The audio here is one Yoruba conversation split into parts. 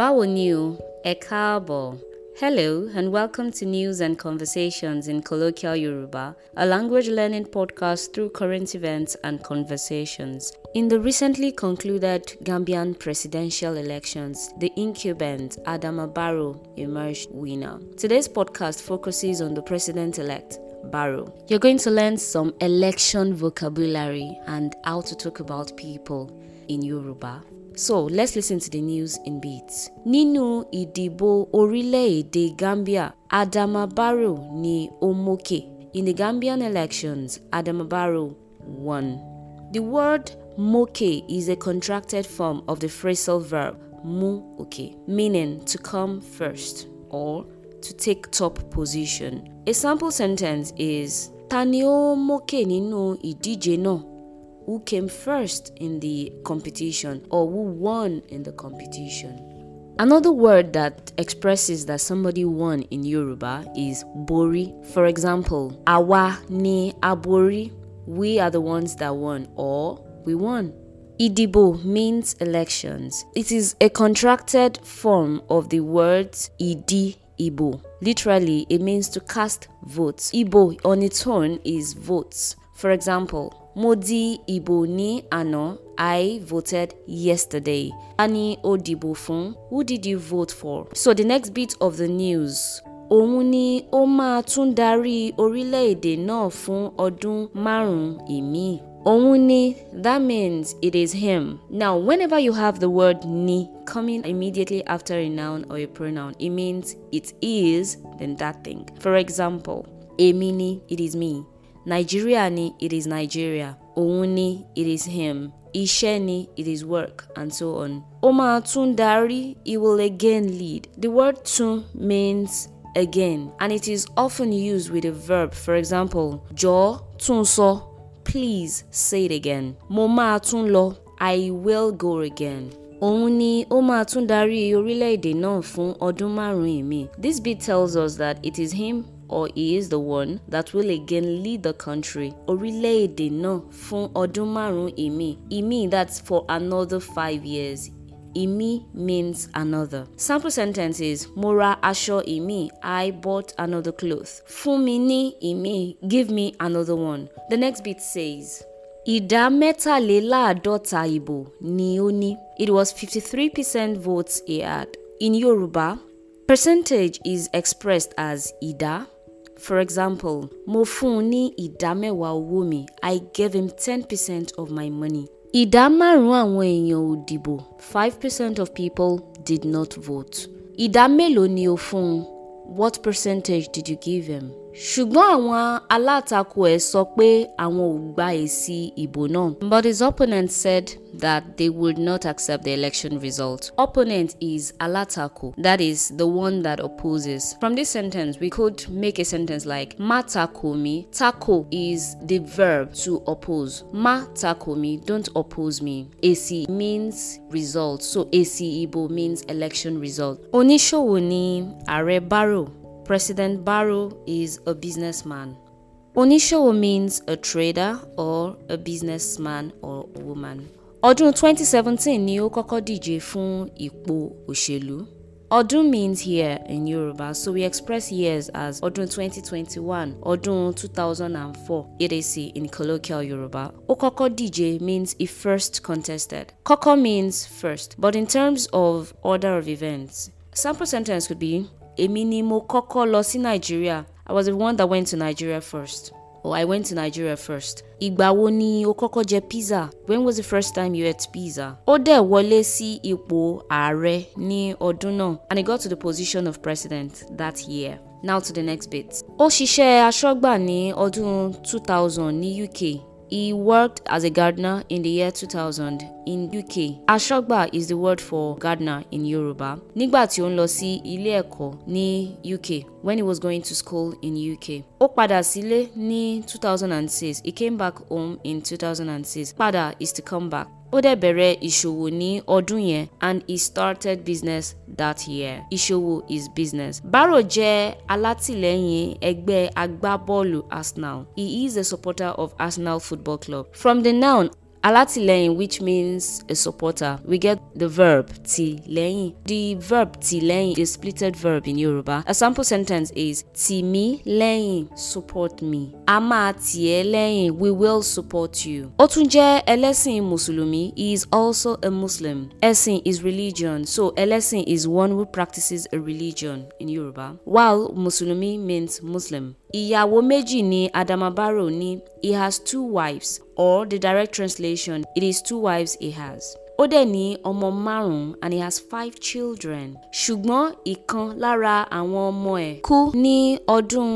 Báwo new o? Hello and welcome to News and Conversations in Colloquial Yoruba, a language learning podcast through current events and conversations. In the recently concluded Gambian presidential elections, the incumbent Adama Barrow emerged winner. Today's podcast focuses on the president elect, Barrow. You're going to learn some election vocabulary and how to talk about people in Yoruba. So let's listen to the news in bits. Nínú ìdìbò de Gambia, Adama Barrow ni omoke. In the Gambian elections, Adama Barrow won. The word moke is a contracted form of the phrasal verb mu oke, meaning to come first or to take top position. A sample sentence is Tani o moke nínú ìdíje no." who came first in the competition or who won in the competition. Another word that expresses that somebody won in Yoruba is bori. For example, awa ni abori, we are the ones that won or we won. Idibo means elections. It is a contracted form of the words idi Ibo. Literally, it means to cast votes. Ibo on its own is votes. For example, Modi Iboni Ano, I voted yesterday. Ani Odibofun, who did you vote for? So the next bit of the news. Òun ni ó máa tún darí orílẹ̀-èdè náà fún ọdún márùn-ún ìmíì. that means it is him. Now, whenever you have the word ni coming immediately after a noun or a pronoun, it means it is then that thing. For example, Emini, it is me. Nigeria ni it is Nigeria, òun ni it is him, iṣẹ́ ni it is work and so on. Ó máa tún darí, he will again lead. The word "tun" means again and it is often used with a verb, for example, jọ̀ọ́ tún sọ, please say it again. Mo máa tún lọ, I will go again. Òun ni ó máa tún darí orílẹ̀-èdè náà fún ọdún márùn-ún mi. This bit tells us that it is him or he is the one that will again lead the country orílẹ̀-èdè náà fún ọdún márùn ìmí ìmí that's for another five years Imi means another. Sample sentence is Mo ra aṣọ Imi, I bought another cloth. Fún mi ní Imi, give me another one. The next bit says Ìdá mẹ́tàléláàádọ́ta ìbò ni ó ní. It was 53% votes he had. In Yoruba, percentage is expressed as ìdá. For example, mo fún un ní ìdá mẹ́wàá owó mi. I gave him ten percent of my money. Ìdá márùn-ún àwọn èèyàn ò dìbò. Five percent of people did not vote. Ìdá mélòó ni o fún un? What percentage did you give him? Ṣùgbọ́n àwọn alátakò ẹ̀ sọ pé àwọn ò gba èsì ìbò náà. But his opponent said that they would not accept the election result. Opponent is alatako, that is the one that opposes. From this sentence, we could make a sentence like ma takomi. Tako is the verb to oppose. Ma takomi, don't oppose me. AC means result, so AC Igbo means election result. Onishowo ni Are Barrow. President Barrow is a businessman. Onishowo means a trader or a businessman or woman. Ọdún 2017 ni ó kọ́kọ́ díje fún ipò òṣèlú. Ọdún means year in Yoruba, so we express years as ọdún 2021, ọdún 2004, EDC in colloquial Yoruba. Ó kọ́kọ́ díje means he first contested. Kọ́kọ́ means first, but in terms of order of events, sample sentence could be Èmi ni mo kọ́kọ́ lọ sí Nàìjíríà. I was the one that went to Nigeria first or I went to Nigeria first. Ìgbà wo ni o kọ́kọ́ jẹ pizza? When was the first time you ate pizza? Ó dẹ̀ wọlé sí ipò ààrẹ ní ọdún náà and he got to the position of president that year. Now to the next bit. Ó ṣiṣẹ́ aṣọ́gbà ní ọdún 2000 ní UK He worked as a gardener in the year 2000 in UK. Ashogba is the word for gardener in Yoruba. Nígbà tí ó ń lọ sí ilé ẹ̀kọ́ UK when he was going to school in UK. Ó padà sílé ní 2006. He came back home in 2006. Pada is to come back. Ó dẹ̀ bẹ̀rẹ̀ ìṣòwò ní ọdún yẹn and he started business that year. Ìṣòwò is business. Barrow jẹ́ alátìlẹ́yìn ẹgbẹ́ agbábọ́ọ̀lù Arsenal. He is a supporter of Arsenal Football Club. From the noun Alatileyin, which means a supporter, we get the verb ti leyin. The verb ti leyin is a splitted verb in Yoruba. A sample sentence is ti mi leyin, support me. Ama ti e leyin, we will support you. Ó tún jẹ́ ẹlẹ́sìn Mùsùlùmí, he is also a Muslim. Ẹ̀sìn is religion, so ẹlẹ́sìn is one who practices a religion in Yoruba, while Mùsùlùmí means Muslim. Ìyàwó méjì ni Adama Barrow ní he has two wives or the direct translation it is two wives he has. Ó dẹ̀ ní ọmọ márùn-ún and he has five children. Ṣùgbọ́n ìkan lára àwọn ọmọ ẹ̀ kú ní ọdún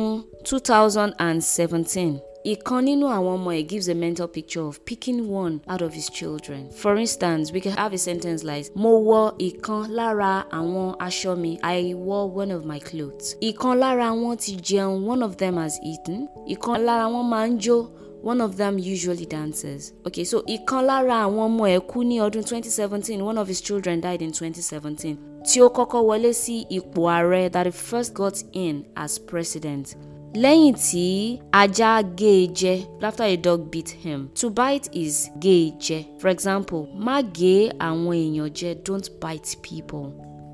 2017. Ìkan nínú àwọn ọmọ ẹ̀ gives a mental picture of picking one out of his children. For instance, we can have a sentence like, Mo wọ ìkan lára àwọn aṣọ mi, I wore one of my clothes. Ìkan lára wọn ti jẹun, one of them has eaten. Ìkan lára wọn máa ń jó, one of them usually dances. Okay, so ìkan lára àwọn ọmọ ẹ̀ kú ní ọdún 2017, one of his children died in 2017. Tí ó kọ́kọ́ wọlé sí ipò ààrẹ that he first got in as president. Lẹ́yìn tí ajá gé e jẹ after a dog beat him to bite is gé e jẹ for example má gé àwọn èèyàn jẹ don't bite people.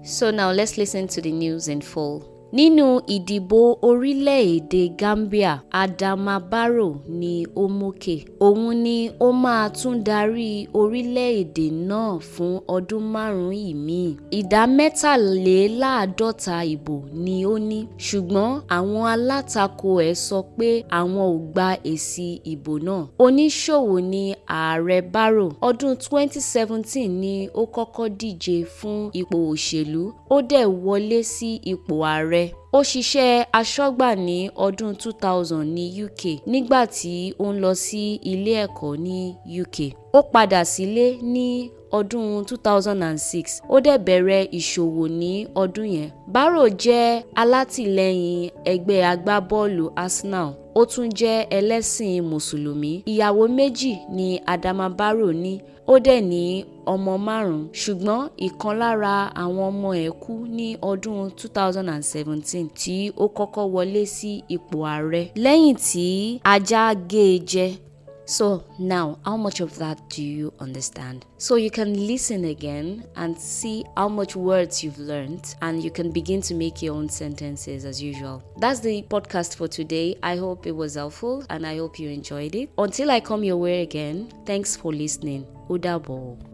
So now let's listen to the news in full nínú ìdìbò orílẹ̀-èdè gambia adama barrow ní òmùkè òun ni ó máa tún darí orílẹ̀-èdè náà fún ọdún márùn-ún ìmíì ìdá mẹ́tàléláàádọ́ta ìbò ni ó ní ṣùgbọ́n àwọn alátakò ẹ̀ sọ pé àwọn ò gba èsì ìbò náà oníṣòwò ni ààrẹ barrow ọdún 2017 ni ó kọ́kọ́ díje fún ipò òṣèlú ó dẹ̀ wọlé sí ipò ààrẹ Bye. Ó ṣiṣẹ́ aṣọ́gbà ní ọdún 2000 ní UK nígbà tí ó ń lọ sí ilé ẹ̀kọ́ ní UK. Ó padà sílé ní ọdún 2006 ó dẹ̀ bẹ̀rẹ̀ ìṣòwò ní ọdún yẹn. Barrow jẹ́ alátìlẹyìn ẹgbẹ́ agbábọ́ọ̀lù Arsenal ó tún jẹ́ ẹlẹ́sìn mùsùlùmí. Ìyàwó méjì ni Adama Barrow ní ó dẹ̀ ní ọmọ márùn-ún ṣùgbọ́n ìkan lára àwọn ọmọ ẹ̀ kú ní ọdún 2017. Johnson tí ó kọ́kọ́ wọlé sí ipò ààrẹ lẹ́yìn tí ajá gé e jẹ So now, how much of that do you understand? So you can listen again and see how much words you've learned, and you can begin to make your own sentences as usual. That's the podcast for today. I hope it was helpful and I hope you enjoyed it. Until I come your way again, thanks for listening. Udabo.